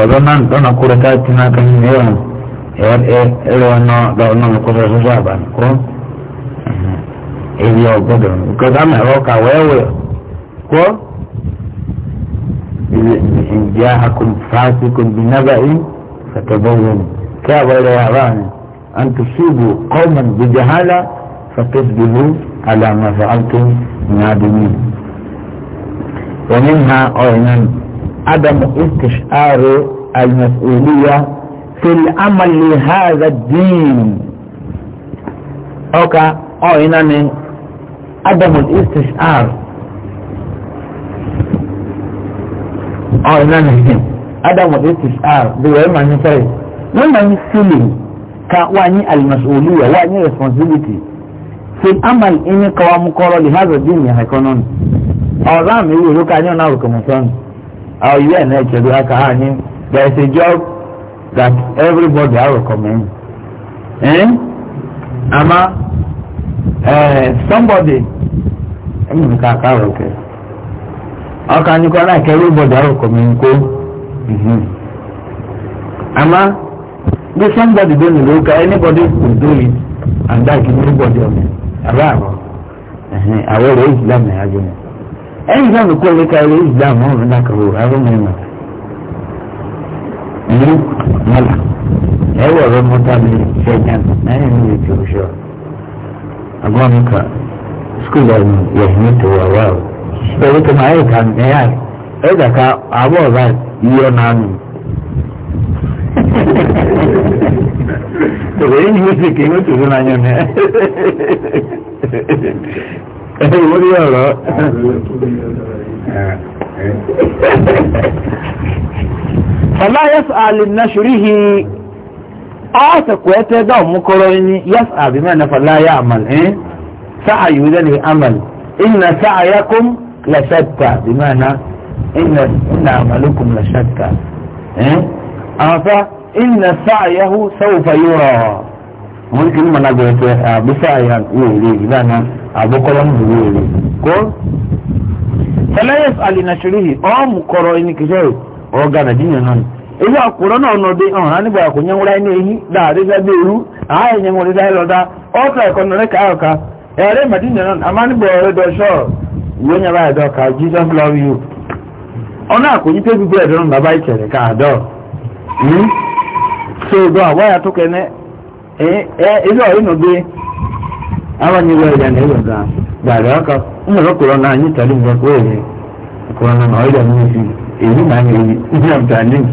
ọ̀dọ́ náà dọ́nà kúrò káàtì náà kan ní ẹ̀rọ ẹ̀rọ ọ̀nà lọ́nà kọ́sọ̀ sọ́sọ́ àbàmì kọ́ èyí ọ̀gbọ́dọ̀ nǹkan tá mẹ́rọ kà wẹ́wẹ́ kọ́ ìjẹ́ akọ̀m fásikùn bí nábà yìí fàtàbọ̀wọ̀n kí àbọ̀rẹ̀ yàrá ni an tó ṣubú kọ́mọ̀n bí jahala fàtàbọ̀wọ̀ alàmàfà àtún nàdùnmí. ومنها أعنان عدم استشعار المسؤولية في العمل لهذا الدين أوكا أو إنني عدم الاستشعار أو إنني عدم الاستشعار بيوم أن يفرق لما يسلم كواني المسؤولية واني responsibility في العمل إني قوام قرار لهذا الدين يا هيكونون أو رامي يقولوا كأني أنا أركم our UN Echeduraka Hanim, there is a job that everybody I recommend. Eh? Ama, uh, somebody, ẹ̀yìn kàkà rọ̀kẹ̀. Ọkà ní kọ́ náà kẹ́rù bọ̀dọ̀ àrùkọ̀ mi ń kó. Mm-hmm. Ama, bí somebody don ní lóka anybody could do it and that give anybody ọ̀nà. Àbá àrọ̀. Àwọn èrò ìsìlámù ẹ̀ ajọ́ mi ẹ̀yìn náà kó lè ka ilé ìgbà mọ́ ọ̀rọ̀ náà kàwé ọ̀rọ̀ mẹ́rin ní mọ́là ẹ̀wọ̀ ọ̀rọ̀ mọ́tà mi ṣẹ́yàn náírà mi lè ti oṣù àgbọ̀ mi kà skul ọ̀nà yẹ̀hìn mi tó wà wá o ẹ̀rọ tó máa yẹ ká ẹ̀yà ẹ̀dà ká àbọ̀ ọ̀rọ̀ yíyọ náà nù. Tòwé yìí ni mo kí n ó tòwé náà yẹn mẹ́. فلا يسعى انا فالله يسأل النشره آتك ويتدعو مكروني يسأل بمعنى فلا يعمل إيه؟ سعي وذنه عمل إن سعيكم لشتى بمعنى إن, إن عملكم لشتى آتا إيه؟ إن سعيه سوف يرى ممكن ما نقول بسعيان يوه abokoro mbuwere ko salayef alinashirihi na onode ọhụrụ anigba akụ nyengwara ina ehi daadịza beru ahụ nyengwara ịza ịlọda ọtọ ekọnọrị ka ahụ ka ere madina non amanigba ọrụ dọshọ uwe nyere anyị dọka jesus love you ọ na-akụ baba chere ka adọ hmm? so agwa ya ọ awọn iwe ẹja na ewe ga gbàdá ọkọ nnọrọ kúrọ náà anyị tẹlẹ mbọ kúrò yẹ kúrọ náà ọ yẹ mú sí èyí náà yẹ yí ní abdulhalim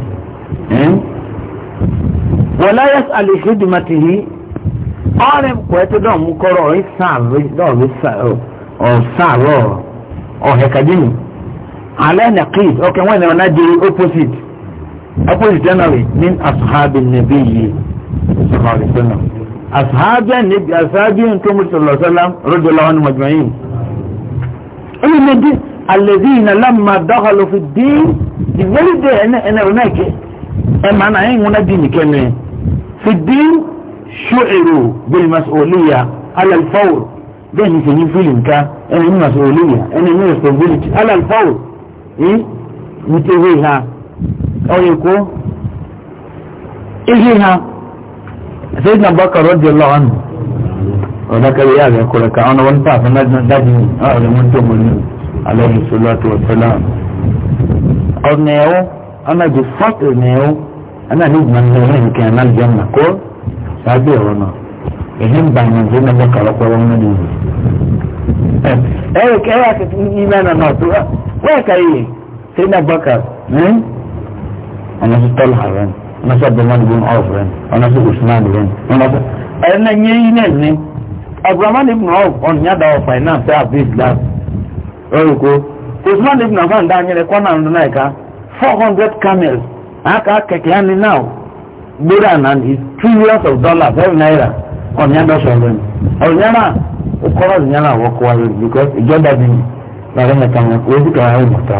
wọlé ayé alèṣe dùmàtì yìí ọrẹ pẹtẹ dọ mú ale ọrẹ sàrọ dọrọ sàrọ opposite opposite generally ní asuhabi nàbí yìí sọfà rẹ asahabi anabi asahabi ntomi sallallahu alaihi wa sallam rọdọ lawan majmain ẹni ní di alẹ́dínà lámà dákàlọ́ fi dín the very day ẹni ẹni ẹ̀rọ náà kẹ ẹ máa náà ẹ̀yìn wọn dín nìkẹ́ ni fi dín ṣùẹ̀rù bẹ́ẹ̀ masoliya alalfawr bẹ́ẹ̀ ni sẹ́yìn fílì nǹkan ẹni ní masoliya ẹni ní responsibility alalfawr ẹ̀ ní tẹ́wé ha ọ̀yẹ̀kọ́ ihe ha. سيدنا بكر رضي الله عنه وذاك يا يقول لك انا وانت فمدنا دجني اهل منتم عليه الصلاه والسلام قلنا يا انا جفت نيو انا نيد من نيو كان الجنه كل سابي وانا يهم بين جنة بكر وقوة من ايه كيف إيه، إيه، إيه، ايمانا ناطوة ويك ايه سيدنا بكر انا ستلحى يعني nasa abdulmad bin auf rẹ ọ̀nà sí usman rẹ ọ̀nà sí ẹ̀rọ náà nyẹ́ yín náà ní abdulmad bin auf ọ̀nà ní adáwọ̀ finance àbí islam ọ̀rùkọ usman bin auf àǹdá anyẹrẹ kọ́nà ọ̀nà náà ẹ̀ka four hundred camels aka kẹ̀kẹ́ ẹni náà gbéra náà ní two years of dollars ẹ̀rọ náírà ọ̀nà ní adáwọ̀ sọ̀rọ̀ ní ọ̀nà yàrá ọkọ̀rọ̀ ọ̀nà yàrá àwọn kọ́wa yẹn because ìjọba bí ní làrá mẹ́ta wọn kò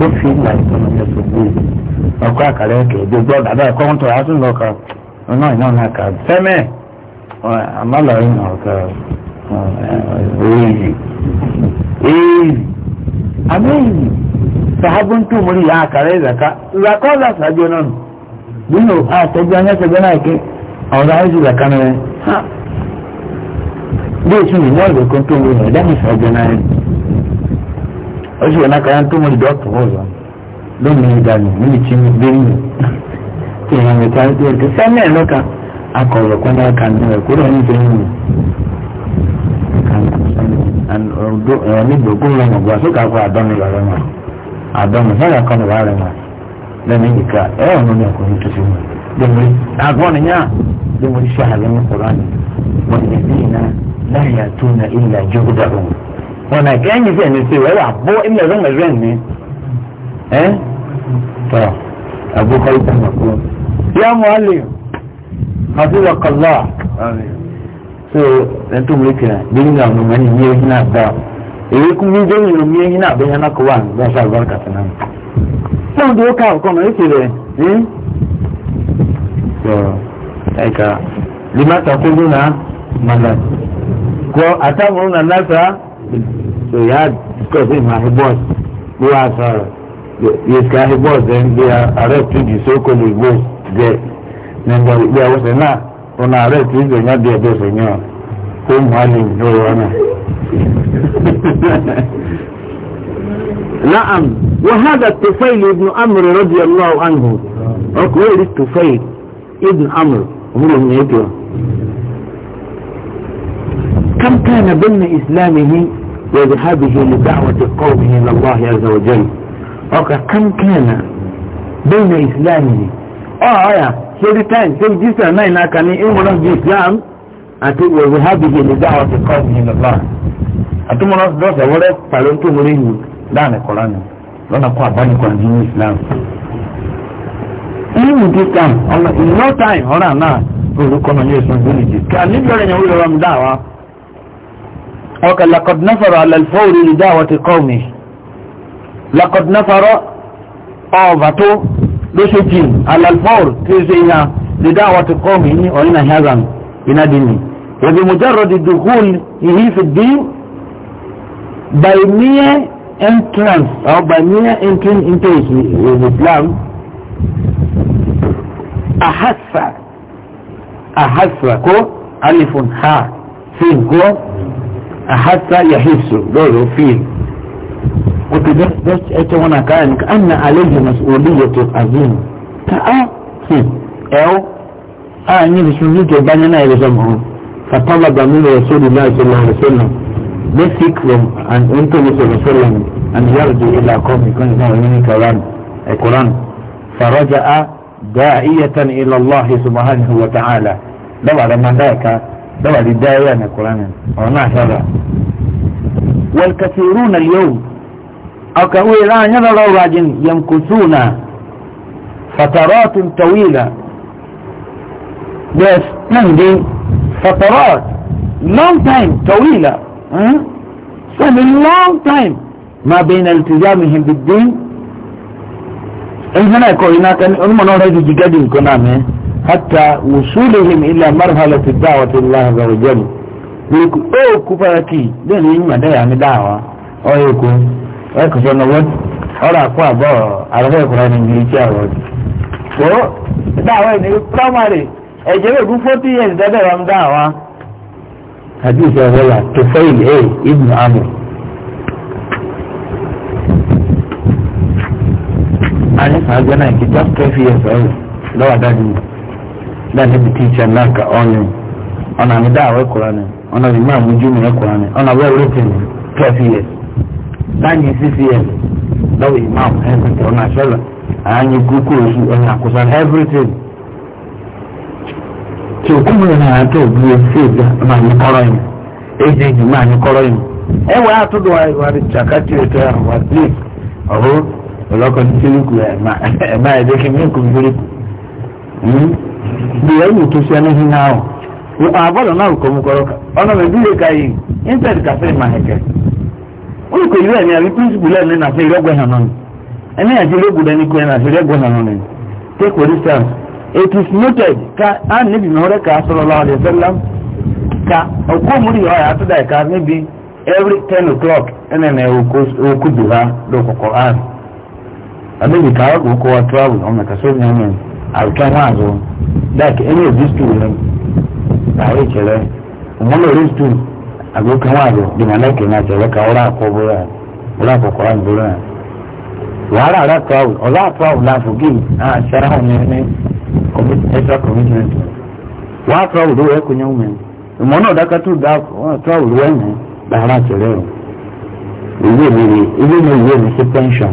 ló fi ìgbà ìtọ́nà ní oṣù bíi ọkọ àkàrà ẹ̀kẹ́ gbogbo dàda ẹ̀kọ́ ń tọ́ àtún lọ kà ọ̀nà ìnáwó náà kà sẹ́mẹ̀ àmàlọ́rin náà kà èyí èyí àmì sàhábùn tó mú ìyá àkàrà ìzàká ìzàká ọ̀là sàájú náà nínú àtẹ́jú anyásẹ́gbẹ́ náà ké ọ̀rọ̀ ha ìzàká náà bí èsì nìyọ́ ìgbẹ́kọ̀ tó mú ìyá ìdáhùn sàájú náà ọsì yẹn n'aka ya tó mo dọ̀ tó wọ́n lómi ìdánù níbi tí mo gbé nù tí èèyàn mi ta ẹgbẹ́ ẹgbẹ́ sẹ́mi ẹ̀ lọ́ka akọ̀rọ̀ kọ́ńdà kàní rẹ̀ kúrò ní ìfẹ́ yìí ẹ̀rọ nígbà ogún lọ mọ̀ gbà sókè akọ àdánù rẹ̀ mọ̀ àdánù sọ́kè akọ́nù wà rẹ̀ mọ̀ lẹ́nu ìdíkà ẹ̀ ọ̀nà ní ọkùnrin tó fi mọ̀ lẹ́nu agbọ́nì yá lẹ́nu iṣẹ́ mọ̀ kọ́ra ni ọ̀nà ìkẹyìn sí ẹ̀mí sí wẹ́wà bó ẹ̀mí ẹ̀rọ mẹ́rin ni ẹ́ tọ́ àbúkọ́ ìtàmà kú. yá mọ́ àlè àti wàkàlá so ẹ̀ tó mú kìlà bíi nínú àwọn ọmọ ẹni yé ẹ̀yìn náà bá èyí kú bí dé ìrò mi ẹ̀yìn náà bẹ́ẹ̀ yẹn náà kọ́ wà ní bá ṣáà bá kàtà náà. náà dúró ká ọkọ náà èsì rẹ̀ ní. ẹ̀ka lè má sàkóso náà màlá kọ àtàwọn náà náà so you had discussing my boss who has her yes ka her boss then they are arresting the so called boss there then there there was a na on arrest is the not there boss on your home warning no one نعم وهذا الطفيل ابن عمرو رضي الله عنه اقول الطفيل ابن عمرو عمره من يكره كم كان ضمن إسلامه وذهابه لدعوة قومه إلى الله عز وجل أوكا كم كان بين إسلامه آه يا شيري تاين جيسا ناينا كان إمرا في إسلام أتي وذهابه لدعوة قومه إلى الله أتي مرا دوسا ولا فالنتو مريه دانا قرآن لنا قوى باني قرآن دين إسلام in this time تايم. no time ọ̀ràn náà olùkọ́nà yóò sọ ìdílé jù kí a níbi ọ̀rẹ́ yẹn wúlò rọm dáwàá وقال لقد نفر على الفور لدعوة قومه لقد نفر أعظته لشتين على الفور تيزيها لدعوة قومه وإن هذا من دينه وبمجرد الدخول إليه في الدين by mere entrance or by mere entering into Islam أحس أحس كو ألف ها سين كو hasa yahisu lórí òfin wata just ita wana kayan ka anna alayhi mas'uliyatu azim ta a hmm el a ni bi sun yake banya na yaba samu fa talaba min rasulillahi sallallahu alaihi wasallam they seek from an intimate sallallahu and yarji ila qawmi kun na wani kalan alquran faraja'a da'iyatan ila allah subhanahu wa ta'ala da wa da mandaka دواء للداية من القرآن وما هذا والكثيرون اليوم أو كأوي الآن ينظر راجل يمكثون فترات طويلة بس نهدي فترات long time طويلة سنة long time ما بين التزامهم بالدين إذن أكو هناك أنا ما نريد جيجادين كنا حتى وصولهم إلى مرحلة الدعوة الله عز وجل ويقول أو كفاكي ده لما ده يعني دعوة أو يكون ويكون سنوات أرى أقوى بو أرغي قرآن إنجليزي أول so دعوة إنه primary أجيب أقول 40 years ده ده وام دعوة حديث يا غلا تفايل ايه ابن عمرو أنا فاجنا كتاب كيف يفعل لو أدعني dan ni teacher na ka onye ona ni dawo qur'ani ona ni ma muju ni qur'ani ona wa written 12 years dan ni ccm da we imam everything ona shala anyi kuku osu ona kusan everything tí o kúrò ní àtọ̀ bí o fi ìgbà máa ní kọ́rọ́ yìí éjèèjì máa ní kọ́rọ́ yìí ẹ wọ́n àtúndò wa rí jàkátì ètò àwọn àti ọ̀hún gbìyànjú hmm? tó ṣe ní hinna ọ àbọ̀lọ̀ náà kò mú kọ́rọ́ ọ̀nà mẹ́bíyè káyé intanet kàfẹ́ máa hẹ̀kẹ́ wọ́n kò yí ẹ̀mí àbí píríncípù lẹ́nu ní àfẹ́ ìrẹ́gbẹ́ hàn náà ẹni àti ìrẹ́gbẹ́ ní kọ́ ẹ̀nà àfẹ́ ìrẹ́gbẹ́ hàn náà take it is noted ka a níbi mìíràn ká sọ̀rọ̀ lọ́wọ́ ka every ten o'clock àìkẹ́ wọn àzọ dáàkì ẹni ò stúù lọ láàyè ìṣẹ̀lẹ̀ ọmọ lórí stúù àgbókè wọn àzọ dìmọ̀lẹ́kì náà ṣẹlẹ̀ ká ọlá na rẹ̀ ọlá àkọ́kọ́ àgbọ̀ rẹ̀ wàhálà rẹ̀ tọ́wù ọlá tọ́wù láàfù gí àṣàrà wọn ní extra commitment wàá tọ́wù ló wẹ́ kúnyẹ́ wọn ìmọ̀ náà dákàtú tọ́wù ló wẹ́ mẹ́ láàrá pension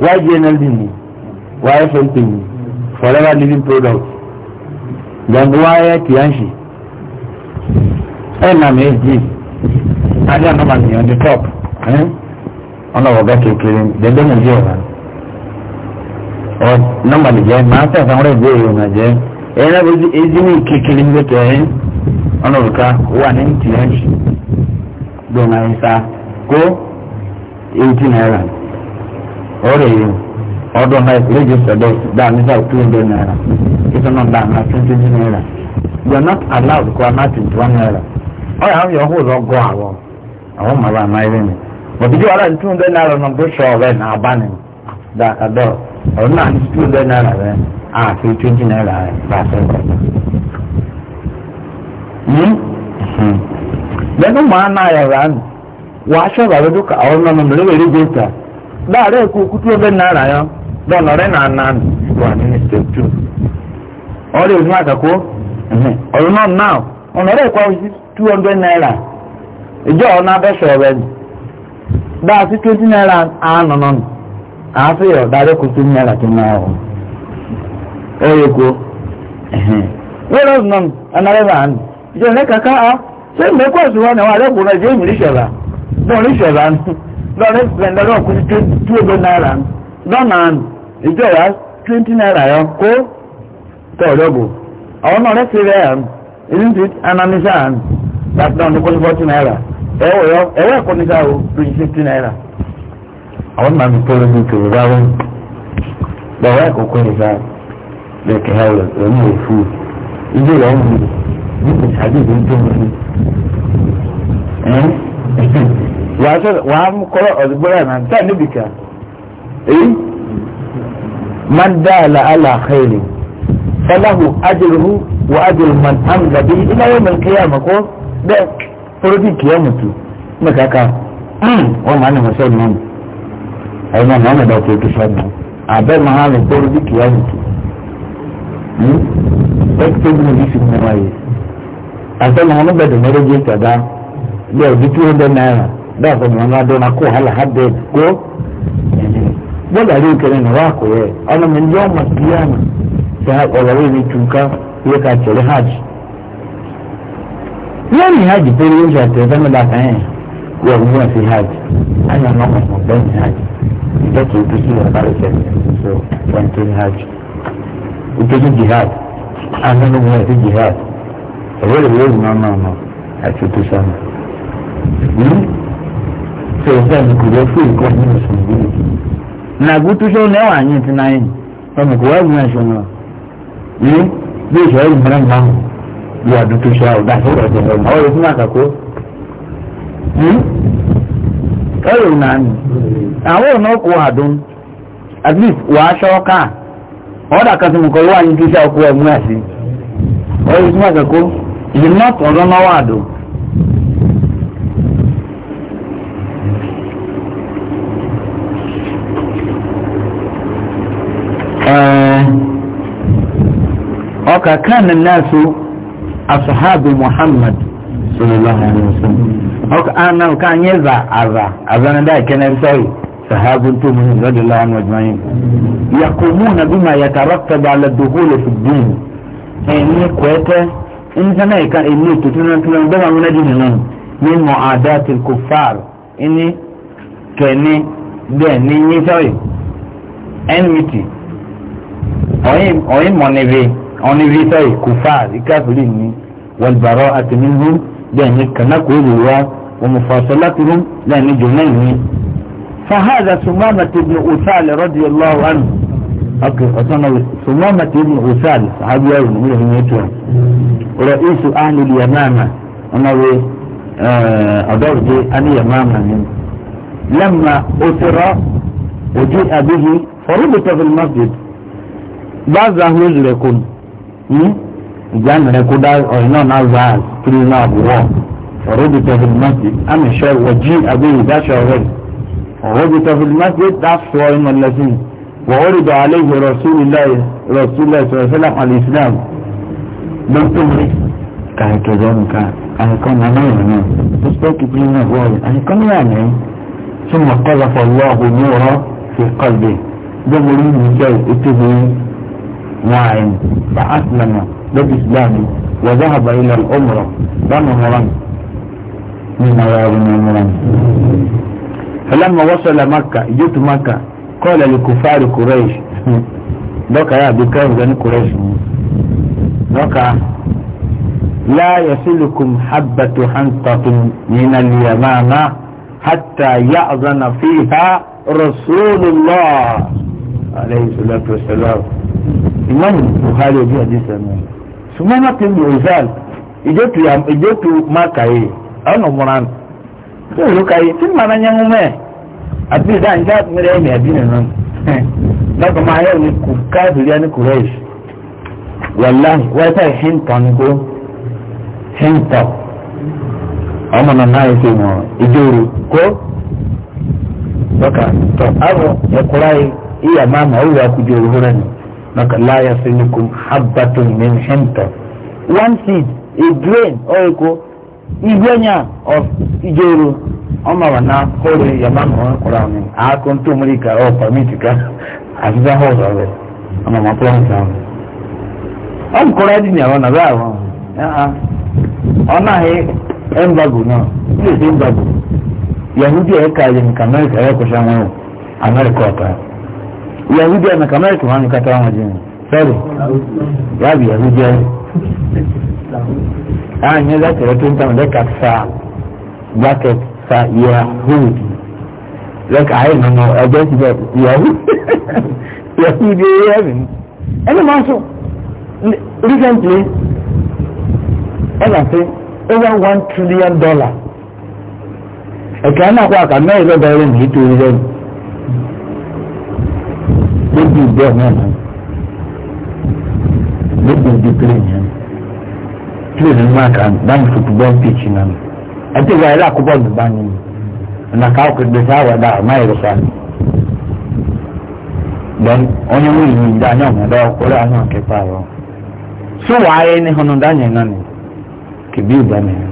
Why YGNLD ni YFLP ni Forever Living Product Ganduwaye Kiyanshi NMSG Aja nama ni on the top ọ̀nà ọ̀gá kékeré dẹ́gbẹ́ mi jẹ́ ọ̀gá ọ nọmba lè jẹ́ máa tẹ̀ sáwọn ẹgbẹ́ yìí ọ̀nà jẹ́ ẹ̀yìn náà bójú èyí ní kékeré ń gbẹ̀tẹ̀ ẹ̀yìn ọ̀nà òrùka wà ní tìyànjú gbọ̀nà ìsà kó eighteen naira. Eh, ọ̀rẹ́ yìí ọdún na register dọ̀ dáa nígbà naira ìtọ́ náà dáa náà twenty naira you are not allowed to go náà twenty one naira ọ̀rẹ́ àwọn yòókù lọ gọ́ àwọ̀ àwọn màlúwà náà yẹn ni òbíjú ọ̀rẹ́ ní naira náà gbóṣọ ọ̀rẹ́ náà bá ní dàkàdọ̀ ọ̀rẹ́ náà ní two hundred naira rẹ̀ àti twenty naira rẹ̀ pàṣẹ. lẹ́nu mọ́ àná yẹ̀rọ àná wàá ṣọ̀rọ̀ àwọn dúkà ọ̀rọ̀ náà mọ̀ lórí register. dáàrẹ́ kú kú tí náírà yẹn lọ́nà rẹ̀ náà náà wà ní step two ọ̀rẹ́ òní àkàkọ́ ọ̀rọ̀ náà náà ọ̀nà rẹ̀ two hundred naira ìjọ ọ̀nà abẹ́sọ̀ rẹ̀ ni daa sí twenty naira àánú náà nù àáfíyọ̀ dáàrẹ́ kú twenty naira tó náà wọ̀ ọ̀rẹ́ kú wẹ́rẹ́ ọ̀nà ọ̀nà rẹ̀ náà nù ìjọ ní kàkà ṣé mẹ́kọ̀ọ́sì wọn lọ́rẹ́ splendor ọ̀kú sí tí ó gbé náírà lọ́nà ìjọ ìyá twenty naira yọ kó tọ̀ọ̀dọ́gbò àwọn náà rẹ́sì rẹ̀ ìlú anamisa dáadáa ní kọ́ni forty naira ẹ̀wọ̀ yọ ẹ̀wọ̀ ẹ̀kọ́ ní sáà o twenty fifty naira. àwọn máa mi pọ́lọ́ bí kìrì bá wọn bọ̀wọ́ ẹ̀kọ́ kọ́ ní sáà lẹ́kẹ̀ ẹ̀ lọ́nà òfu ilé ìyá ń wù ní ìsàdé ìdí tó ń wù ní wàá mú kọ́rọ̀ ọ̀dùgbọ́rọ̀ náà tá níbi kan èyí máa ń dá àlà àlà àkàìrè falahu ajruhu wa ajru man amla bi ila yawm al qiyamah ko da furudi kiyamatu makaka wa ma na masal nan ai nan nan da ko to sabu abe ma ha ne furudi kiyamatu hmm ekto ni bisu mai asan hanu da da maraje ta da da da ko mun na dona ko hal hadde ko wala ri kare na wako ye ana mun yo masiyana sai ha ko wari ni tuka ye ka tele haji yani haji pe ni ja te zama da kan ya mun na fi haji ana na ko ban haji da ke bi shi da bare ke so ban tele haji uteji jihad ana no mun fi jihad wala wala na na na a cutu sama na kò lọ fún nǹkan ní mùsùlùmí. nàgó tó ṣe lẹ́wọ̀n àyè ti náà yìí ọmọ kò wá ẹ̀ṣọ́ náà yìí bí ìṣọ́ yìí mìíràn máa ń lu àdùn tó ṣe àwòdà tó rẹ̀ àkàkọ́. ọ̀rọ̀ náà àwọn àdùn at least ṣọ́ káà kan tí mo kọ́ ọkà kánà náà so asahabu muhammad sallallahu alaihi wasallam ọkà àná ọkà anyi za àzà àzà náà dáa kẹ́nẹ́ sọ́yì sahabu tó mu yìí lọ́dọ̀ láwọn ọjọ́ yìí yakumu na bí ma yàtàrà tẹ̀bà lẹ dòkó lè fi dín ẹni kọ́ẹ́tẹ́ ẹni sẹ́nà ìka ẹni ètò tó náà tó náà bẹ́ẹ̀ máa wọlé dín nínú ní mọ̀ àdá tìlkù fáàr ẹni kẹ́ni bẹ́ẹ̀ ní yín sọ́yì ẹnmìtì ọ̀yìn mọ̀nìbí. àwọn ibi iṣẹ́ ìkùfà ìkáfìrí ni wàlbàrọ̀ àti nínú bẹ́ẹ̀ ni kànákò olùwà ومفاصلتهم لا نجنين فهذا ثمامة بن أسال رضي الله عنه ثمامة بن أسال صحابي أول من رئيس أهل اليمامة أنا آه، أدرج أن يمامة لما أسر وجيء به فربط في المسجد بعض أهل لكم ìjà mìíràn kó dá ọ̀rìn náà náà wá kiri náà wọ̀ ọ̀rọ̀ bí tọ́fìlì mọ́tì àmì ṣe wọ̀jí àbí ìdáṣọ rẹ̀ ọ̀rọ̀ bí tọ́fìlì mọ́tì dá sọ ìmọ̀ lẹ́sìn وعرض عليه رسول الله رسول الله صلى الله عليه وسلم على الإسلام لم تمري كان كذا كان أنا كان أنا يعني تسبك بينا هواي أنا كان يعني ثم قذف الله نورا في قلبه ده مريد من جاي اتبعي واعن فأسلم بالإسلام وذهب إلى الأمرة بمهرا من نواب المران فلما وصل مكة جئت مكة قال لكفار قريش دوكا يا بكاو بني قريش دوكا لا يصلكم حبة حنطة من اليمامة حتى يأذن فيها رسول الله عليه الصلاة والسلام ìmáàmù buhari ojú ọdún sẹ́nu ṣùgbọ́n wọ́n ti mú rizal ìjókòó máka yìí ọ̀nà mọ́ran tó ìlú kàyé tí màá náà yẹn mẹ́ àti ìdá ìjà mìíràn ẹ̀mí ẹ̀bí nìyẹn lọ́kọ̀ máa yẹ ní kù káàdùrí ẹni kù rẹ́ẹ̀ṣ wàlá wáyé hìntàn kó hìntàn ọmọ náà náà ṣe mọ̀ ìjòrò kó lọ́kà tó àrùn ẹ̀kúráyé ìyá máa mọ̀ ọ́ maka la yasilukum habbatun min hinta one seed a grain or eko igbenya of ijoro ọmọ wa na kọrin yamma ma wọn kọra ọmọ a kò tó múri ka ọ pàmìtì ká àfihàn hàn ọ̀rọ̀ rẹ̀ ọmọ ma pọ́n ta ọmọ. ọmọ kọra ẹdín ní àwọn nàbẹ́ àwọn ọ̀nà ahẹ́ ẹ̀ńbàgò náà ilé ìṣẹ́ ẹ̀ńbàgò yahudi ẹ̀ka ẹ̀yẹ nǹkan mẹ́rin kẹrẹ́ kọ́ṣẹ́ wọn o amẹ́ríkà yahudi amekamata kuhani kataa majina sorry yabi yahudi ah nyeza kile tunta ndeka sa bracket sa yahudi like i don't know i just get yahudi yahudi heaven and also recently ever say over one trillion dollar ẹ̀ka náà kó àkàmẹ́ ìlọ́gbà ẹ̀rẹ́ nìyí tó rí lẹ́nu lójú ìgbẹ́ ọ̀nà náà lójú ìdí plane yẹn plane ní mark and down football pitch náà ẹtí ìgbà yẹn lákòókò ọ̀gbìn bá nínú ọ̀nà káwọn kò gbèsè àwọ̀dà àmà ìrọ̀sà then onye nwunye yi ndị anya ọmọdé ọkụrụ anya nkịta ahụ so waa ya ihe hụnụ ndị anya nọ nị kebi ụba nị ya.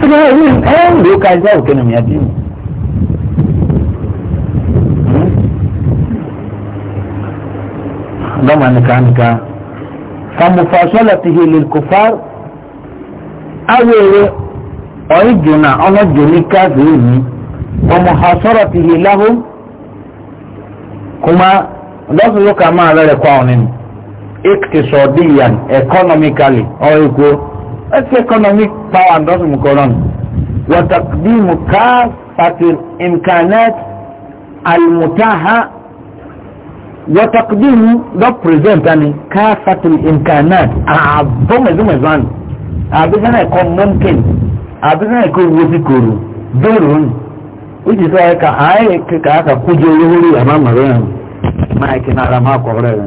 Ebe ọ bụ gama nika nika famufasolatihi lilkufar awere ọ̀ìjùnà ọlọ́jùnì káfíìn ní famufasolatihi lahum kuma lọ́sọ̀lọ́kà máa rẹ̀ kọ́ ọ̀nìyàn iktisodiyan economically ọ̀rọ̀ ikú ẹ̀sì economic power ndọ́sùn kọ́rọ̀nù wọ́tàkdímù káfàtì ìmkànẹ́t àlùmùtáhà وتقديم ده بريزنت يعني كافة الإمكانات أعظم زم زمان أبدا يكون ممكن أبدا يكون وزي وفكر دورون وجي سواء كأي كأك كوجو يهولي أمام مريم ما يكن على ما قرر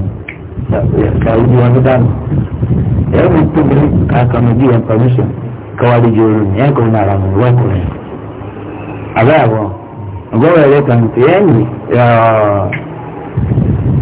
سعودي وندان يوم تبري كأك مدي and permission كوالي جورون يكون على ما قرر أبدا أبدا أبدا أبدا أبدا أبدا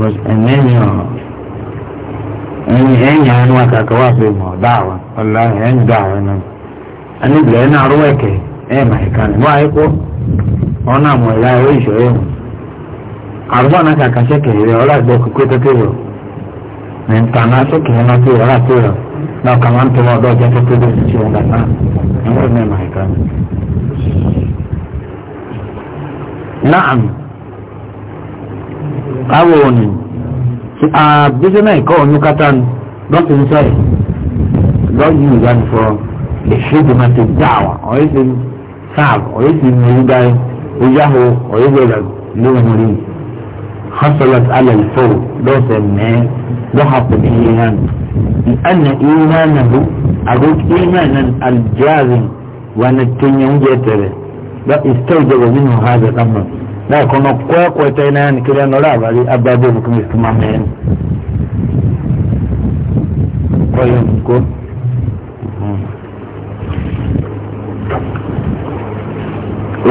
but ẹ̀yìn ẹ̀yìn ẹ̀yìn àwọn ẹ̀wọ̀n kàkà wà fún ìmọ̀ dáàwà ọ̀la ẹ̀yìn dáàwà náà ẹni bìlẹ̀ ẹ̀ náà rúwẹ̀ kẹ̀ ẹ̀ mà ẹ̀ka ni wọ́n ayé kọ́ wọn náà mọ̀ ẹ̀la ẹ̀rọ ìṣọ̀ ẹ̀wọ̀n àrùbọ̀ náà kàkà ṣẹ̀kẹ̀ rẹ̀ ọ̀la gbọ́ kókó kékeré ní ntànà ṣẹ̀kẹ̀ rẹ̀ náà tó ọ̀la náà máa ń ọjà ṣe awo ni abise náà ikọ̀ ọ̀nyú kátà ni lọ́sì ń sọ̀rọ̀ lọ́yìn ìgbà ni fọ ìṣèjì máa ti dá wa ọ̀yẹ́ sì ń sáàb ọ̀yẹ́ sì ń mẹ́rin dáyé ojáho ọ̀yẹ́ gbọ́dọ̀ lóhùn rí hasalat alal fowr lọ́sẹ̀ mẹ́ẹ́ lọ́hàpọ̀ ní da kono kwa kwa tena ni kile no la bali ababo kumsimameni kwa hiyo mko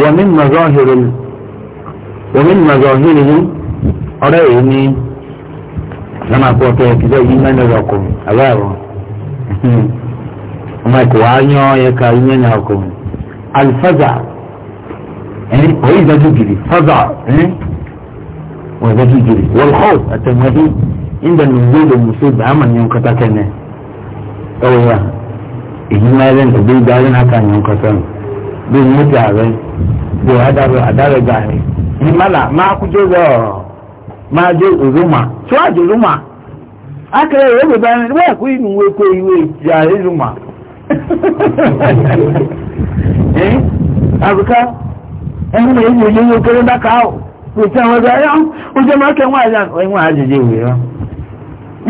ومن مظاهر ال... ومن مظاهرهم أرأيني لما قلت كذا إيمان لكم أبابا وما يكوانيو يكاين الفزع وإذا تجري فزع وإذا تجري والخوف التمهيد عند النزول والمصيب عمل ينقطع كنا أو يا إجماع لن أبي دارن هكا ينقطع بالمتعة بهذا هذا الجاهل ما لا ما أكجوز ما جو زوما شو أجو زوما akẹ́rẹ́ rẹ̀ bẹ̀bẹ̀ ẹni wọ́n ẹ̀kú inú eko ìwé ìjà ìlú mà. àbíká ẹni mọ̀ èyí òye yóò kéré bá káà kò tí àwọn ọjọ́ ẹ̀yọ́ ó jẹ́ máa kẹ́ wọ́n àjà ẹ̀wọ̀n àjèjì ìwé rán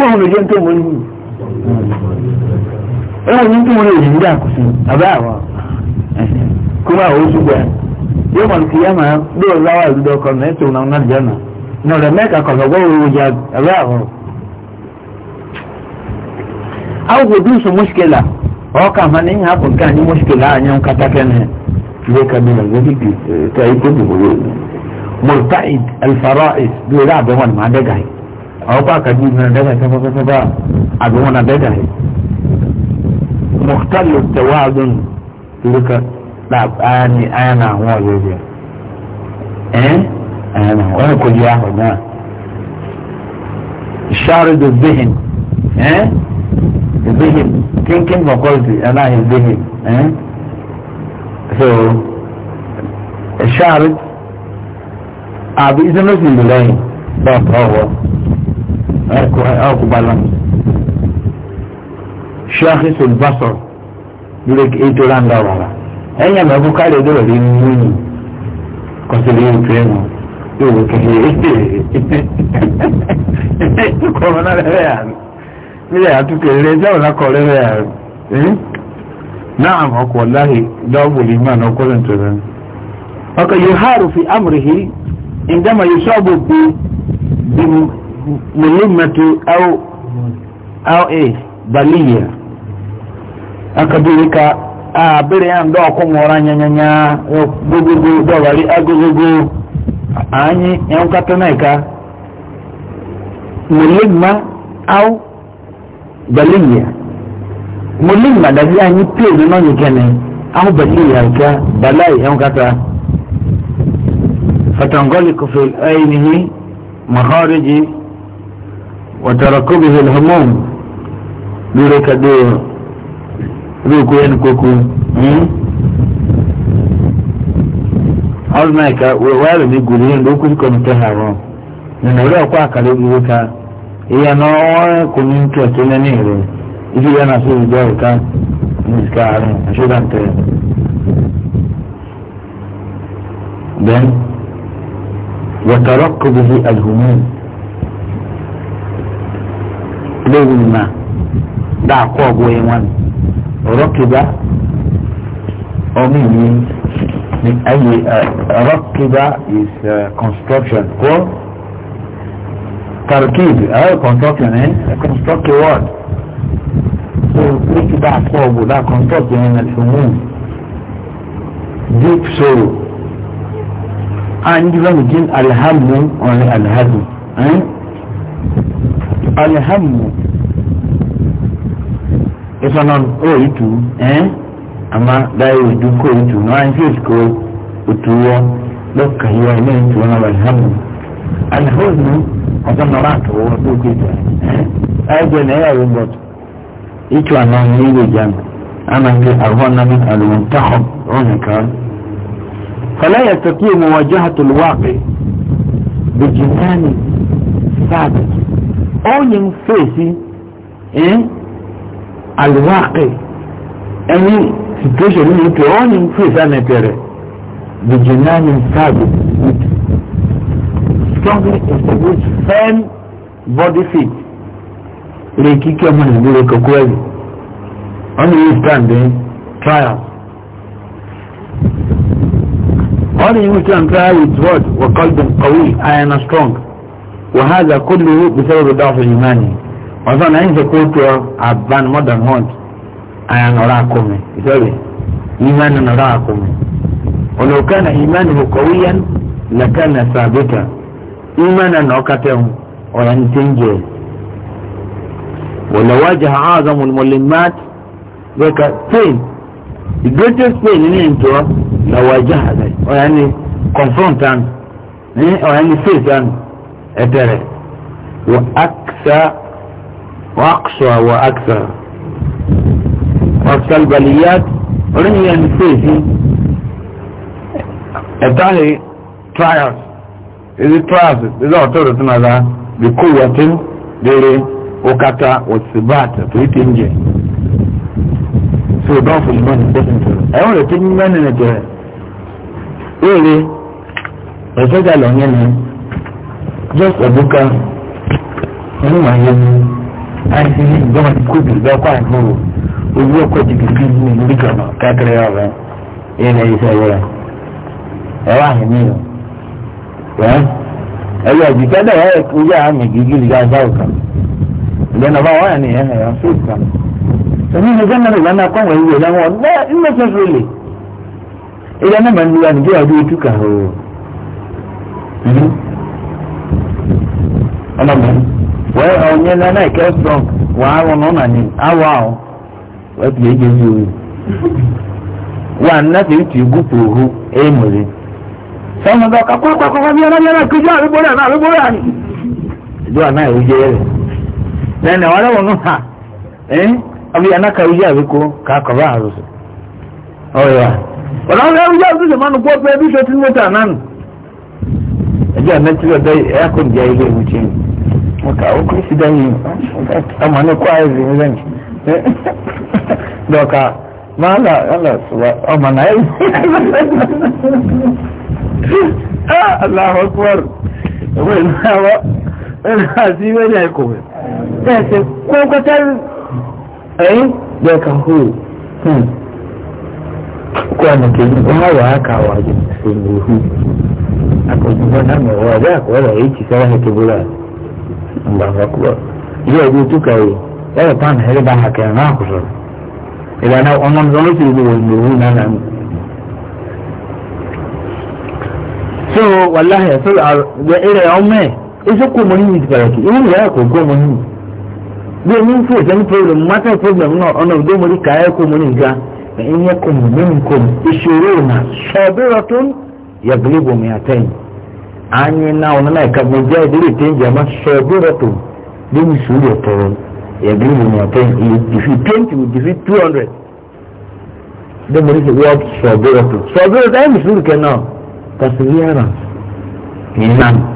bóun lè jẹ́ ń tó mọ́ nínú ẹ̀wọ̀n ní kí wọ́n lè yìí dà kù sí àbá àwọn kó máa ó ṣùgbọ́n yóò mọ̀ kí yàmà bí ó láwà ìlú dọ́kọ̀ náà ètò náà náà jẹ́ náà náà rẹ̀ mẹ́ka kọ̀sọ̀gbọ́ òwò jẹ́ àbá àwọn. àwọn kò dùn sùn mọ́ṣíkẹ́là ọkà máa ní ìhàpọ̀ nǹkan ní mọ́ṣíkẹ́là àyàn kátàkẹ́ náà ليك من الوجب تعيد مرتعد الفرائس لا بمن ما دجاي أو باك دي من دجاي كما كما أبونا دجاي مختل التوازن لك لا اني أنا هو الوجه إيه أنا وأنا كل ياهو شارد الذهن إيه الذهن كن كن ما قلت أنا الذهن إيه so الشارد أبي إذا مسلم بالله باب هو أكو أكو بالان شاخص البصر لك إيه تلان دورا أي ما أبو كاري دورا لنموني قصدين كريمو يقول كثير كورونا لا يعني ملا يعطوك اللي جاونا كورونا يعني na'am haka wallahi dawo liman na kwarin turin haka yi haru fi amurhi indama yi sabo bi mulimmatu au au a e, baliya aka biri ka a biri yan da ọkụ nwụra nyanyanya gogogo dọbari agogogo anyị yan kata na ka mulimma au baliya mulim madaji anyi pe ni no yikene aw basi yanka balai yan kata fatangoliku fil ainihi makhariji wa tarakubihi al humum biro kado ruku yan koku hmm almaika we wale ni guri ndo ku ko mtaharo ni nore kwa kale ni ka iya no ko ni mtu atenene ibi yana so ìjọ ìka ní ìka àárín àṣíràǹtẹ then wàtàrọ́kọ̀ bíi àlùmí lóhùn mà dáa kọ́ ọ̀bọ̀ yẹn wọn rọ́kìbá ọmọ ìyí ni ayé rọ́kìbá is construction kọ́ tarkib ẹ̀ construction ẹ̀ construct a word so make that trouble that confront the enemy to move deep sorrow and even begin alhamdu on alhadu eh? alhamdu it's an on oh it too eh ama that is do ko it too no i feel ko utuwo lọ́kà yíwa ilé alhamdu alhamdu ọjọ́ nọ́ra àtọwọ́ tó kéjọ ẹ̀ ẹ́ jẹ́ náírà yóò gbọ́dọ̀ ito ana nile jam ana nge arwana min almuntakhab unaka fala yastati muwajahatu alwaqi bijinani sabit onye face eh alwaqi any situation ni to onye face anepere bijinani sabit strongly established firm body fit ilé kíkẹ́ ọmọ ìlú rẹ̀ kọ̀kọ́ ẹ̀yìn wọ́n ní yóò stand in trial wọ́n ní yóò stand trial with word wọ́n call them kọ̀wé iron and strong wọ́n há àgbà kó lè wó bísẹ́ òdòdó àfẹ́ ìmánì wọ́n sọ náà ń ṣe kó tó àbán more than hunt iron ọ̀rá àkómi ìsọ̀rọ̀ ìmánì ọ̀rá àkómi ọ̀nà na ìmánì wò kọ̀wé yẹn lẹ́kẹ́ na sàbẹ̀tà ìmánì ọ̀nà ọ̀kàtẹ̀wọ̀n ọ̀yà واجه أعظم الملمات ذاك فين the greatest pain in into لواجه ذلك يعني confront عنه إيه؟ يعني face عنه اتره وأكثر وأقصى وأكثر وأكثر البليات رنيا يعني face اتره trials is it trials is it the ماذا thing during okata wasibata torí tí ń jẹ so don fún ìmọ̀ ní pẹ́sìn tó ẹ̀wọ̀n rẹ̀ tí ń mẹ́rin ní jẹ wéèrè ẹ̀sọ́jà lọ yẹn ni just ọ̀bùkà ẹ̀rù máa yẹ ní àìsí ní ìjọba ti kó bìrì bẹ́ẹ̀ kó àìmúrò ojú ọkọ̀ jìbìtì bí ní ìlú gànà káàkiri ọ̀rẹ́ ilẹ̀ iṣẹ́ yẹra ẹ̀rọ àhìmí o ẹ̀rọ àjùkádà ẹ̀rọ ìkúrú àmì gígí ìgbà sáwùkà. lẹ́nu ọba wọ́n yà ní ẹ̀hẹ̀ ya ya ìgbà mi. èmi ní gánàrì lánà kọ́ wọ̀nyí wẹ̀ lẹ́wọ̀n bẹ́ẹ̀ ńlẹ́sẹ̀sẹ̀ lè. ilé ẹ̀nà màá nira nìjẹ́ ọdún ni nene wale wano ha eh abi anaka uja wiko kaka vazo oh ya wala uja wiko manu kwa pe bi shotin mota nan eja meti wa dai ya kun ja ile wuce maka o kun si dai amma ne kwa yi zan doka mala ala suba amma na yi ah Allahu akbar wai na wa ina si wani ai kuma tẹ̀sẹ̀ kó kọ́tẹ́rù ẹ̀yìn bẹ́ẹ̀ka hó hmm. kó àná kejì wọn á wàá kà wá jù sí ìlú àkọsíwọ́n náà mọ̀ wọ́n àbẹ́ àkọọ́lẹ̀ èyí ti sára ní kébúlà ńgbàgbàkúrọ̀ ilé ẹgbẹ́ túkà yìí ẹ̀rọ pàmì ẹ̀rọ bá hàkẹ́rẹ́ náà kò sọ̀rọ̀ ìlànà ọmọ mi wọn sì lè wọ ìlú náà nù. so wàláhẹ̀ so ìrẹ̀ ọmọ ẹ̀ eso como niños para aquí uno ya con como niños de mí fue tan problem mata problem no ono do mo ka ya como niños ga in ya como minkum ishuruna sabiratun yaglibu mi'atayn anyi na ona na ka mo ja dire tin jama sabiratun de mi suru to yaglibu mi'atayn if you think you defeat 200 de mo ni word sabiratun sabiratun ay mi suru kenan perseverance iman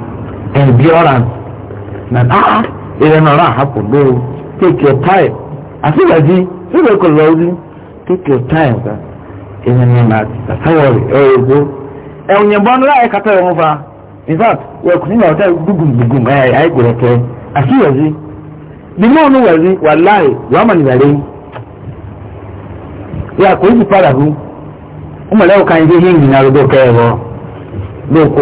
endurance na ah ilẹ̀ náà rà hapò lóru take your time àṣìbàjì síbẹ̀ kò lọ rí take your time ká ya náà nà àṣàwọ̀rì ẹ̀rọ ìgbó ẹ̀wọ̀n yẹn bọ́ nílá ẹ̀ka tẹ̀wọ̀n wọn fa in fact wọ́n kò nílò ọ̀tá gbùgùn gbùgùn ẹ̀ àìgbèrè kẹ́ àṣìbàjì bímọ ònú wẹ̀rí wà láì wàá mọ̀ nìyàrá yà kò ní padà hu ọmọlẹ́wọ̀ kan yé hingi náà lọ́dọ̀ kẹ́ ẹ̀rọ lóko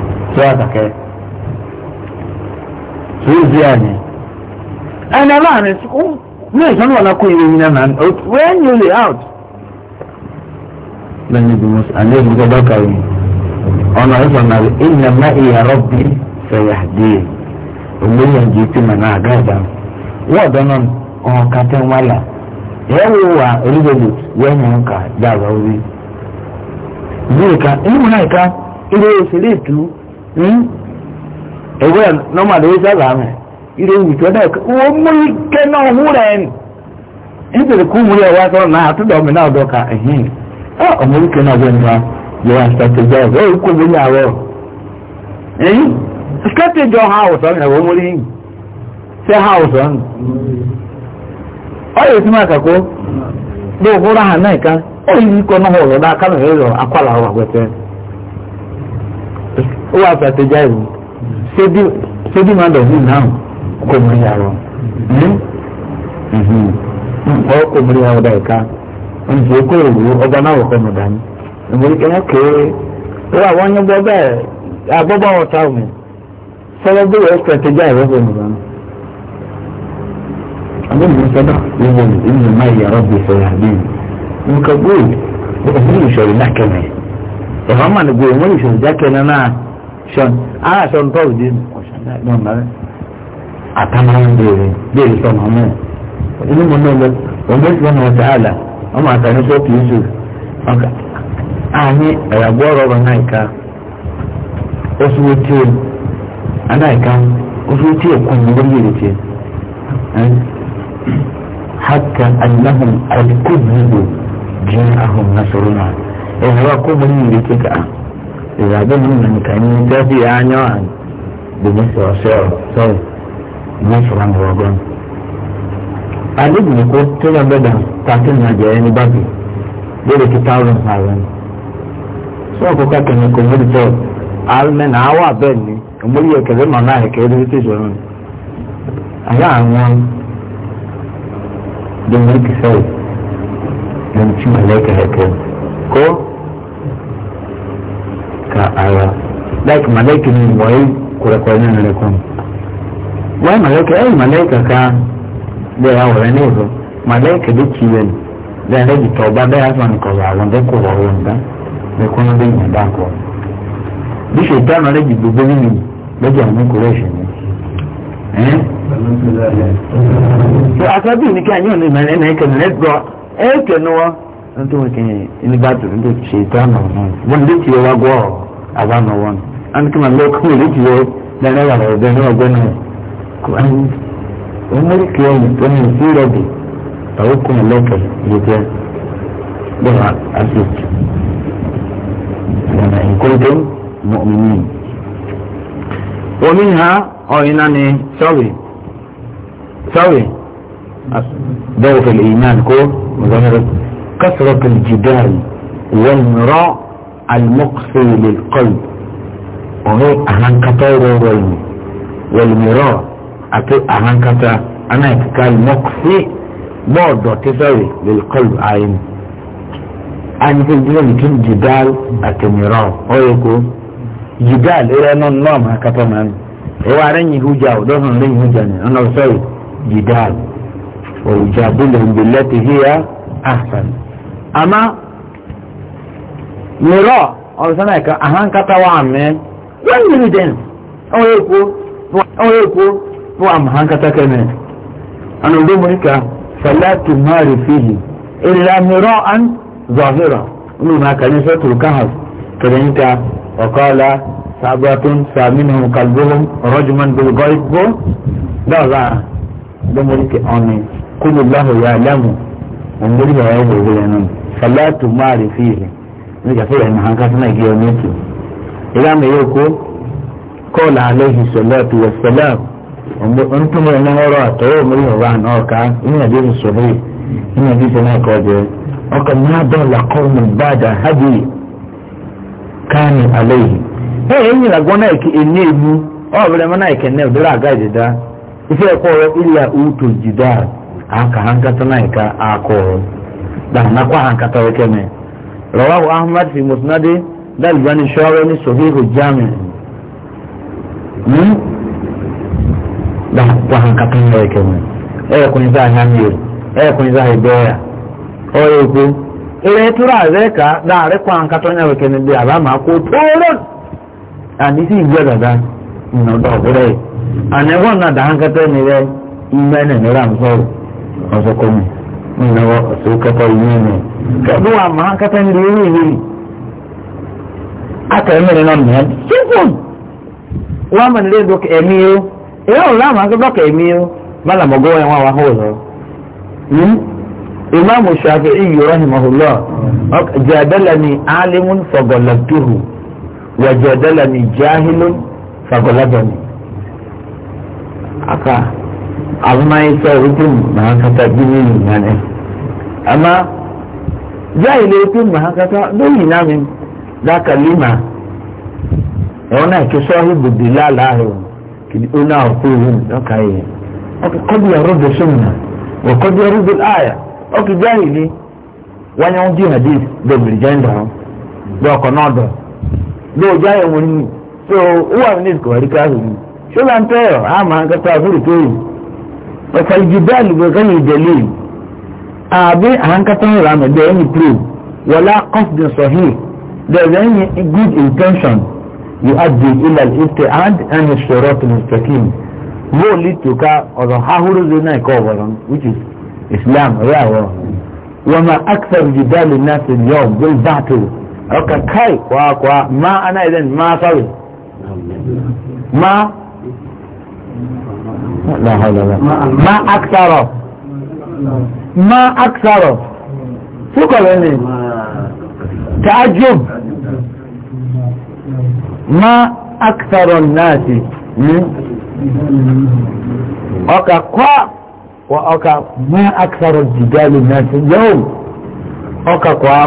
zuwa zakai su yi ziya ne ai na ba ne su ne san wala ko yi nan nan when you lay out dan ni bimus ande mu ga baka yi ona isa na inna ma ya rabbi sayahdi umun yan ji ti mana ga da wa da nan on ka tan wala yawo wa rijelu wenyan ka da rawi zai ka ilmu na ka ile sile tu ẹ̀wẹ́ nọ́mà lórí sábà mẹ́ ilé ìwùjọ náà wọ́n mú ike náà nítorí kú múlẹ̀ wá náà àtúndọ̀ mi náà dọ́ka ẹ̀hìn ike náà bẹ́ẹ̀ wá strategy ẹ̀ àwọ̀ ẹ̀yìn strategy ẹ̀wọ̀n yìí ọ̀yẹ̀ tí máa kàkó náà ó yí náà kánà ẹ̀rọ ó wà pàtẹ́já ìlú ṣébí máa dọ̀ fún náà kò mú ìyàwó ọ kò mú ìyàwó dà ìka ǹjẹ́ kó ìlú ọba náà wọ̀ fẹ́mi dání ìmọ̀lẹ́ kí wọ́n kéé ó wà wọ́n yín bọ́ bẹ́ẹ̀ àbọ̀bọ̀ ọ̀tá omi sọ́wọ́ bí wọ́n pàtẹ́já ìlú fẹ́mi dání. àwọn ènìyàn sọ́dọ̀ ìwọ̀n ìlú máa yàrá gbèsè àdéhùn nǹkan gbòòrò ìwọ̀n ìṣòro dákẹ́ náà ẹ̀fọ́ màdìgbò ìwọ̀n ìṣòro dákẹ́ náà sọ́n ara sọ́n tọ́wù dé ọ̀ṣọ́n náà àtàwọn béèrè béèrè sọ màmú ẹ̀ inú mọ̀ náà lọ ọ̀gbẹ́ tí wọ́n wọ́n sàálà ọmọ àtàwọn sọ kìí sùn ọ̀gá àní ẹ̀yàgbọ́ rọ̀bà náà ìka oṣù tí o anáìka oṣù tí o kún ní lórí èrè haka alinahun alikubu jẹ́ ahun nasoro náà ẹ̀yàwó akóbọ̀ ní ìrètí ká ìrìnàjò mi nà nìkan ní dẹ́bí àányọ́ àn bìbí sọ ṣẹ́ọ̀ sọ́ọ̀ ìgbé ìṣọ̀rọ̀ àwọn ọgbọ́n. adébìnrin kó tó yàn bẹ́ẹ̀ tààtì nà jẹ́ ẹni bábì lórí two thousand thousand. sọ àkókò akẹ́ni kò mórí tọ́ alẹ́ nà áwọ̀ abẹ́ ni òmórí ẹ̀kẹ́rẹ́ mọ̀ náà ẹ̀kẹ́ lórí tó ìṣòro ni. àyà àwọn dominic sẹ́yìn lẹ́nu tí mọ̀lẹ́kẹ̀ẹ́kẹ́ kó ka ara like malaika ni wọ́n kúrẹ́kúrẹ́ nínú rẹ̀ kọ́ wọ́n malaika ẹ̀yìn malaika ká bẹ́ẹ̀ àwòrán ní ìlú malaika ló kí wẹ́n bẹ́ẹ̀ lẹ́bi tọ́ ọba bẹ́ẹ̀ àtọ́ ní kọ̀ọ̀rọ̀ àwọn bẹ́ẹ̀ kò wọ̀ wọ́n dá bẹ́ẹ̀ kọ́ ló bẹ́ẹ̀ yàn dá kọ́ bí ṣe dáná lẹ́bi gbogbo nínú lẹ́bi àwọn kúrẹ́ ìṣẹ̀lẹ̀ ẹ́ so asabi ni kí anyọ́ ni mẹ́rin náà kẹ́ lẹ́gbọ́ ẹ̀ kẹ́ ni wọ́n ní tó wọ́n kẹ́ ní bá tó ní tó ṣe dáná wọn lè ti wá gbọ́ ọ̀ أنا كمان لو كمي لكي يو لأن أنا لو بينه وبينه كمان ومالي كيوم كمان يسير أبي فهو طيب كمان لو كي يتين إن كنتم مؤمنين ومنها أو إناني سوي سوي كثرة الجدال والمراء المقفي للقلب وهي أهانكتا روين والمراء أهان أهانكتا أنا كان مقفي بعض تسوي للقلب عين أنا في الجنة يكون جدال أتمراء ويكو جدال إلى نون نوم هكتا من هو أرني هجا ودهن لين هجا أنا سوي جدال ويجادلهم بالتي هي أحسن أما mìíràn ọ̀rọ̀ sọ́nà ẹ̀ka àhánkátá wà mẹ́ wọ́n yìí dẹ̀ ọ̀rọ̀ èkó ọ̀rọ̀ èkó fún àmàhánkátá kẹ́mẹ́ ọ̀nà ògbó mú níka fẹ̀lẹ́tù márì fìhì ìlà mìíràn án zọ̀hìrà nínú màkà ní sọ́tù káhà kẹ̀lẹ́ níka ọ̀kọ́ọ̀lá sàbàtún sàmínú kàlbóhùn rọ́jùmọ́n gbogbo dọ́ọ̀lá ògbó mú ọ̀nì kúlù láhùn yà lẹ́mù òǹgbó níjàpọ̀ yẹn nìkan na sínú ìgbé ọmọ ètò ìyá mi yóò kó kọ́ọ̀lù àlẹ́hìn sọ̀lá àti wẹ̀sẹ̀lá ntúmọ̀ ẹ̀nà ọ̀rọ̀ àtọ̀wọ̀ mi yóò wá àná ọ̀ka inú ẹ̀dí mi sọ̀rọ̀ inú ẹ̀dí sọ̀rọ̀ náà kọ́ náà náà ife hankata náà hankata رواه أحمد في مسنده ده البني الشعراني صحيح الجامع ده وهنكتن كمان ايه كوني ذا هامير ايه كوني ذا او يكو nawa su kafa yi ne ka zuwa ma an kasan da yi ne aka yi mene nan nan simple wa man le dok emiyo e o la ma dok emiyo mala mo goyen wa wa hozo hmm imam shafi'i rahimahullah jadalani alimun faghalabtuhu wa jadalani jahilun faghalabani aka abma isa rubun na kata gini ne amma jahilaitun da kalima ke ki da kai ok sunna wa aya ok on di bil janda do do jaye so uwa ni ko shulan tayo ama ta furu fal àbí àhánkátán ìlànà there any proof wọlá qasdin sahih there any good intention yuaddi ila al-ibtihad and as-sirat al-mustaqim wọ́n lè tó ká ọ̀rọ̀ hahoro zai náà kọ́ ọ̀rọ̀ which is islam ọ̀rẹ́ àwọ̀ wọ́n máa akthar jidali nas al-yawm bil battle ọkà káì kwakwa ma ana idan ma sáré ma ma akthara ma aksaro Sukọrọ ni ta'ajub ma aksaro nasi ni hmm? ọka kwa wa ọka ma aksaro jidali nasi yau ọka kwa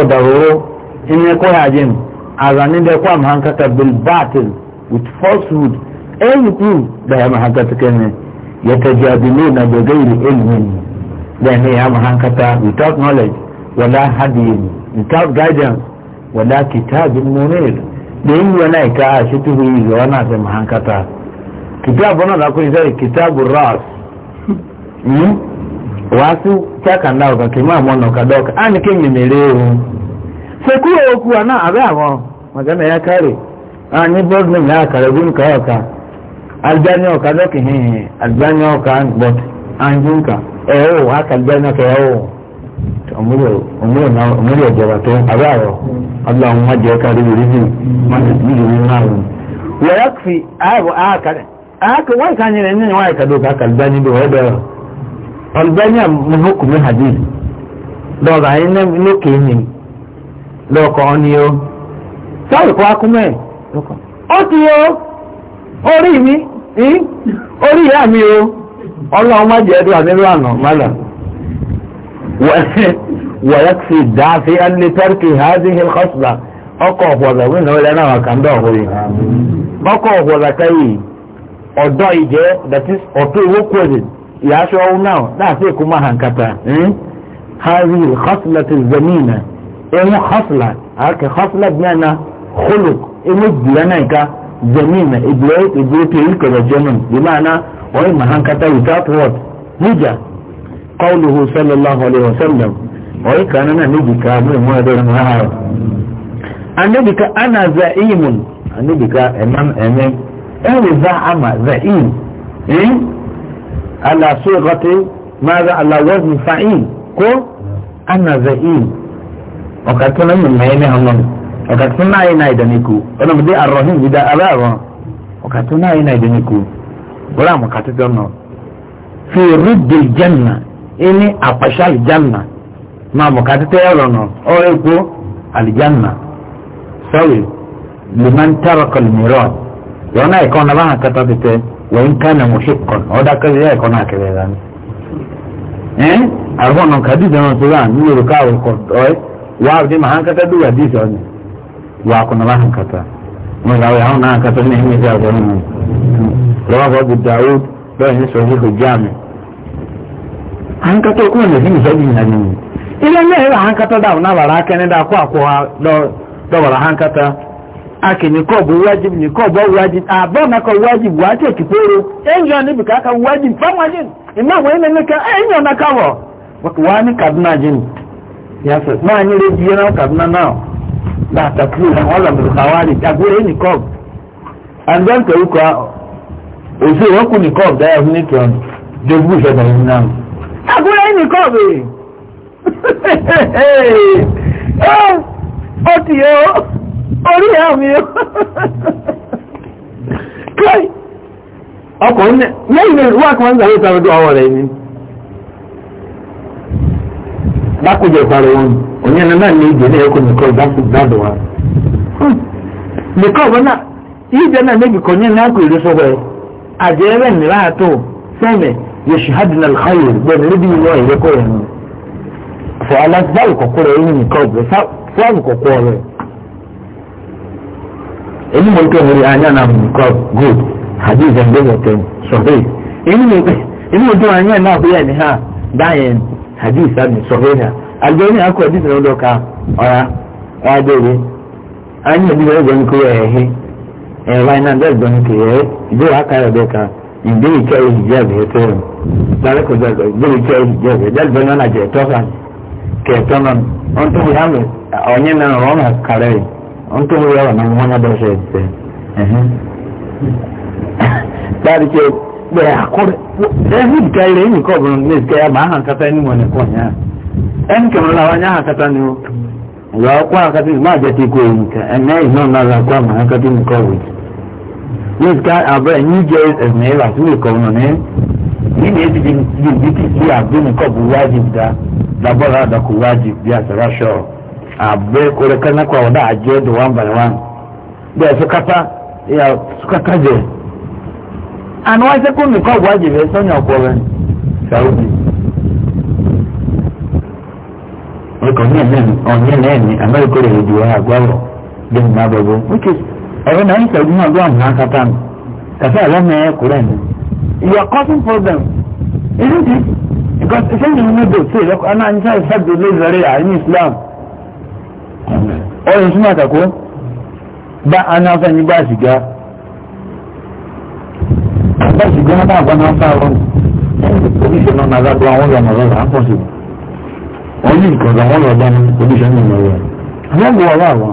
ọdaroro inye kwa hajjim azanide kwa mahankata bil batil with falsehood any proof da ya mahankata kene yatajadiluna bi ghairi ilmin then he have hankata without knowledge wala hadiyin without guidance wala kitabin munir da yin wani aika a shi tuhu yi ga wani asai mahankata kitabu na da kun sai kitabu ras hmm? wasu takan da ka kima mu na ka doka an kin ni mere o sai ku o ku ana abe awon magana ya kare an ni board ya kare gun ka ka albani o ka doka he albani o ka but an jinka ẹ̀rọ haka jẹ́nà ka yawo ọmọdé ọjọba tó agbára ọlọ́run má jẹ́ kárí orílẹ̀ nítorí márùn-ún wọ́n yá fi ààbò ààkàrẹ̀ ààkà wọ́n ìkànnì rẹ̀ nínú wọ́n ìkàdó kàkà albani bẹ̀ wọ́n bẹ̀rẹ̀ albani àmọ́kùnrin hadith lọ́ọ̀rọ̀ ayé lókè ní lọ́ọ̀kọ́ ọ́ ni ó sọ́ọ̀rọ̀ kọ́ akúmọ̀ ẹ̀ ó ti yọ orí mi orí ìyá mi o ọlọ́run má jẹ́ ẹ̀dùn àmì lànà mọ́lá wọ̀yẹ́kì dáàfin ẹni tẹ́rkì hàzíhìn kọ́sùlá ọkọ̀ ọ̀pọ̀lọ̀ wí náà lẹ́nà àwọn kan bẹ́ẹ̀ ọ̀hún yìí bọ́kọ̀ ọ̀pọ̀lọ̀ káyì ọ̀dọ́ ìjẹ́ that is ọ̀tọ́ owó kwèrè ìyáṣọ ọ̀hún náà láti èkó máa hàn kàtà hàzíhìn kọ́sùlá ti zẹ̀mínà ẹ̀mú kọ́sùlá àkè kọ́sùlá gbẹ́nà kólùk ẹ̀mú ìgbìlẹ̀ náà ìka zẹ̀mínà ìgbìlẹ̀ ìgbìlẹ̀ وإن هنكتا without what نجا قوله صلى الله عليه وسلم وإن كان أنا نجي كابل مهدر مهار النبي أنا زعيم النبي إمام أمين أنا زعم زعيم إيه؟ على صيغة ماذا على وزن فعيل كو أنا زعيم وقد كنا من مهيني الله وقد كنا أين أيضا نكو أنا بدي الرحيم إذا أبابا وقد كنا أين أيضا نكو wọ́n àmọ́ kàtẹ́tọ́ náà fi rúdè jẹ́nà ẹni àpàṣà àlìjánà máa mọ̀ kàtẹ́tọ́ ẹ̀rọ náà ọ̀rẹ́ kó àlìjánà sọ́rí lèman tẹ́rọ̀kọ̀ lèmíràn yọ̀ọ́ náà ẹ̀kọ́ náà bá hàn kàtà tẹ́tẹ́ wọ́n ń kánà mọ̀ ṣe kọ̀ ọ̀dà kẹ́lẹ́ ẹ̀kọ́ náà kẹ́lẹ́ rà ní. ẹ́ àrùn náà kàdíjà náà tó rà ní yorùbá àwòkọ̀ ọ̀ẹ́ wàá àbúdé màá hàn kàtà dùwà dìísọ̀ ni wàá kọ̀ náà bá hàn kàtà mo làwọn yàrá náà hàn kàtà ní ẹ̀mí رواه أبو داود بين صحيح الجامع hankato kuma da zai na ne idan ne ba hankata da na bara ka ne da ko ko da bara hankata ake ni ko bu wajib ni ko bu wajib a ba na ko wajib wa te ki poro ka ka wajib fa wajib imam wa ne ka en ka wo wa ni jin ya so ma ni re ji na na na wala òsì wọn kú ní kọ́ọ̀bù dáyà fún ní jogún ìṣẹ̀dá yìí náà. àkúrẹ́ yìí ní kọ́ọ̀bù yìí ó ti yẹ ó orí ẹ̀ mi ó. kílẹ̀ ọkùnrin lẹ́yìn lẹ́yìn wọ́n ń gbà yóò sáré ọwọ́ rẹ̀ ni. dákújẹ ìparí wọn òní ẹni náà ní ìjẹ ní ẹkọ nìkọ ìdádùn wa. Hmm. nìkọ ọ̀bọ̀n náà ìjẹ náà ní àjẹrẹ nira àtò sẹmẹ yẹsù hadina alhayi gbẹmí níbi ìlú ọyẹrẹ kọ yẹn nù fọ alasibáàlù kọkọ rẹ yìí nìkan ọgbẹ fáàlù kọkọ rẹ èmi mọ̀ nípa ìwé anya náà mọ̀ nìkan good hadith ẹ̀ ń gbẹ́wọ̀ tẹ̀ sọ̀rọ̀ èmi mọ̀ nípa anya náà bóyá ẹ̀ ha dáyẹn hadith ẹ̀ sọ̀rọ̀ ẹ̀rọ iná bẹ́ẹ̀ gbọ́n kì í ìdí àkàrà bẹ́ẹ̀ kan ìdí ìkẹ́ ìhìjẹ́ bẹ́ẹ̀ fẹ́ràn lálẹ́ kò dàgbà ìdí ìkẹ́ ìhìjẹ́ bẹ́ẹ̀ dẹ́gbẹ́ náà nà jẹ́ tọ́ka kẹ̀tọ́ náà wọ́n tó ha mí ọ̀nyẹ́ náà wọ́n nà kàrẹ́ yìí wọ́n tó yà wọ́n náà wọ́n nà bẹ́ẹ̀ fẹ́ ẹ̀ dáàbí kí bẹ́ẹ̀ àkọ́rẹ́ ẹni ìkẹ́ ilẹ̀ yìí kọ́ bọ̀rọ̀ ní ìkẹ́ yàgbà áhà kata ni o this guy abẹ ní jẹ ẹsìn ẹ làtúwò kọrọ ní nínú èsì yìí ti sí àgbẹnukọ bu wájib dá labọlá àdàkù bi bí àtàrà ṣọ abẹ kọrẹ kánákọ ọdá àjẹ dùn one by one bí ẹ ya sukata je and why say sẹkùn nìkọ wájib ẹ sọnyà ọkọ rẹ sàwùdì. ọkọ ní ẹ̀mí ọ̀nyẹ́ ní amẹ́ríkà rẹ̀ ẹ̀rọ náà ń tẹ̀lé náà lóhùn náà kápá mi kàfé àlọ́mọ ẹ̀ kúrẹ́ mi. you are causing problem isn't it because ṣé ìlú mi dòtí ẹ̀rọ aná ń sáré sábẹ́ lẹ́sẹ̀rẹ́ àìní islam ọ̀rọ̀ ìsúná àtàkó bá anáfẹ́ ní bá àṣìgá bá àṣìgá náà bá náà fà wọn oníṣẹ́ náà náà lágbó àwọn ọ̀rọ̀ ọ̀rọ̀ rà á pọ̀ ní nǹkan ọ̀rọ̀ àwọn ní oníṣẹ́ náà náà wọ̀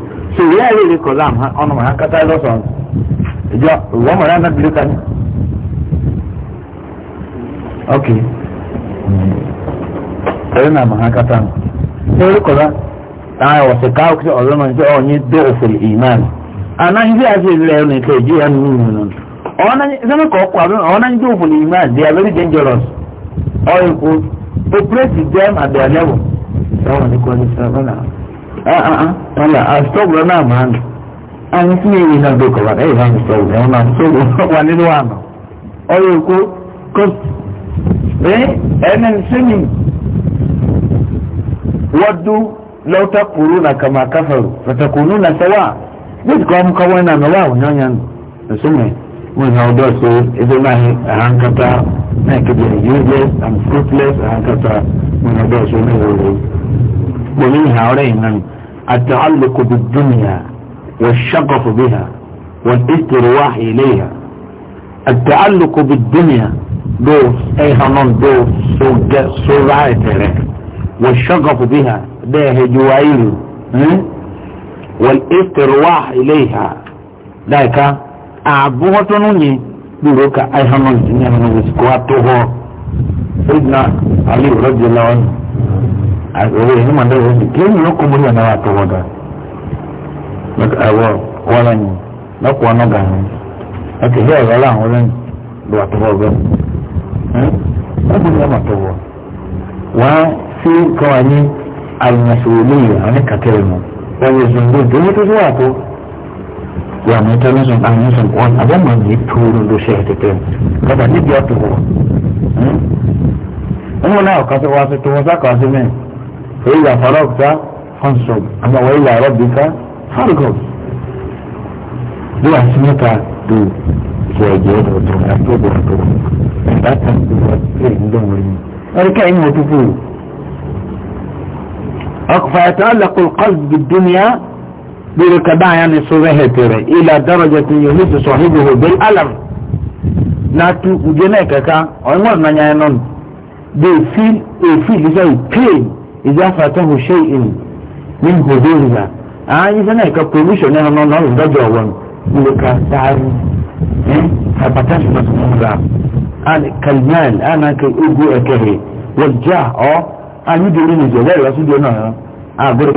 so ìyá ìwé ìlú kọ̀ láàmú ọ̀nà màá kátà lọ́sàn ìjọ ok ẹ̀rọ na màá kátà nù. ṣé ìlú kọ̀ láà àwọn ọ̀sẹ̀ káwọ́ kí ọ̀rọ̀ náà ṣe ọ̀nyí dé òfin ìmáàlì. àná ìdí àti ìlú ẹ̀rọ nìkan ìjì yà nínú ìlú nù. ọ̀nà kọ̀ operate them at their level. sọ́wọ́n ní ọ̀la àstọ́gbọ̀n náà máa ń àwọn tí èyí náà dé kọ̀wá ẹ̀yìn náà ń sọ̀rọ̀ ẹ̀wọ̀n náà ń sọ̀rọ̀ wà nínú àná ọ̀rọ̀ èkó kó ẹni sínú wọ́dú lọ́tà kúrú na kàmá káfàrú fàtàkùnú na sẹ́wà bíi kọ́ ọmọ kọ́wọ́ náà lọ́wọ́ àwọn yọ̀nyà nsúmẹ̀ mo ìhà ọdọ́ so ebe náà àhánkátá náà kébìrì useless and fruitless àhánkátá mo ìhà ọdọ́ so náà wọlé. ومنها علينا التعلق بالدنيا والشغف بها والاسترواح إليها التعلق بالدنيا دوس أي هنان دوس سرعة ترك والشغف بها ده جوائل والاسترواح إليها ذلك أعبوها تنوني بروك أي هنان دنيا من وسكواتوه سيدنا علي رضي الله عنه àgbèrè ní màdé wọ́n sì kí ẹ̀yìn lọ́kọ̀ mọ́lẹ̀ náà àtọwọ́ dà àwọ̀ wọ́n lẹ́yìn lọ́kọ̀ ọ̀nà gà ní ẹ̀kẹ́ bẹ́ẹ̀ rọ́lá àwọn lẹ́yìn lọ àtọwọ́ bẹ́ẹ̀ ẹ̀kọ́ lẹ́yìn àtọwọ́ wọ́n sí kọ́wa ní alùmọ̀sowòlóyè àwọn kàtẹ́rẹ̀ mọ́ wọ́n yẹ sùn lóòtú ní tó sọ́wọ́ àtọ́ wọ́n àmì tẹ́lẹ̀sùn àmì sùn wọn àbọ̀mọ̀ yìí tóoru ló ṣe ẹ̀tẹ̀tẹ̀ lọ́ba níbi ọ̀tọ̀ wọ̀ ń wọn náà kọ́ sí sí tó wọ́n sá kọ́ mẹ́rin. فإذا فرغت فانصب أما وإلى ربك فارغب دي أسمتها دي جاجين وتنعطب وتنعطب لا تنعطب وتنعطب اركعين وتفول فيتألق القلب بالدنيا بركبا يعني صغيرة ترى إلى درجة يمس صاحبه بالألم ناتو وجنكك عمر من يعنون they feel a feel is a pain إذا فاته شيء من حضورنا أعني سنة كبريشن أنا نونا لدجا وان لك تعالي هبتاش أنا كالمال أنا كأجو أكهي والجاه أو أنا دوري نجلال رسول أقول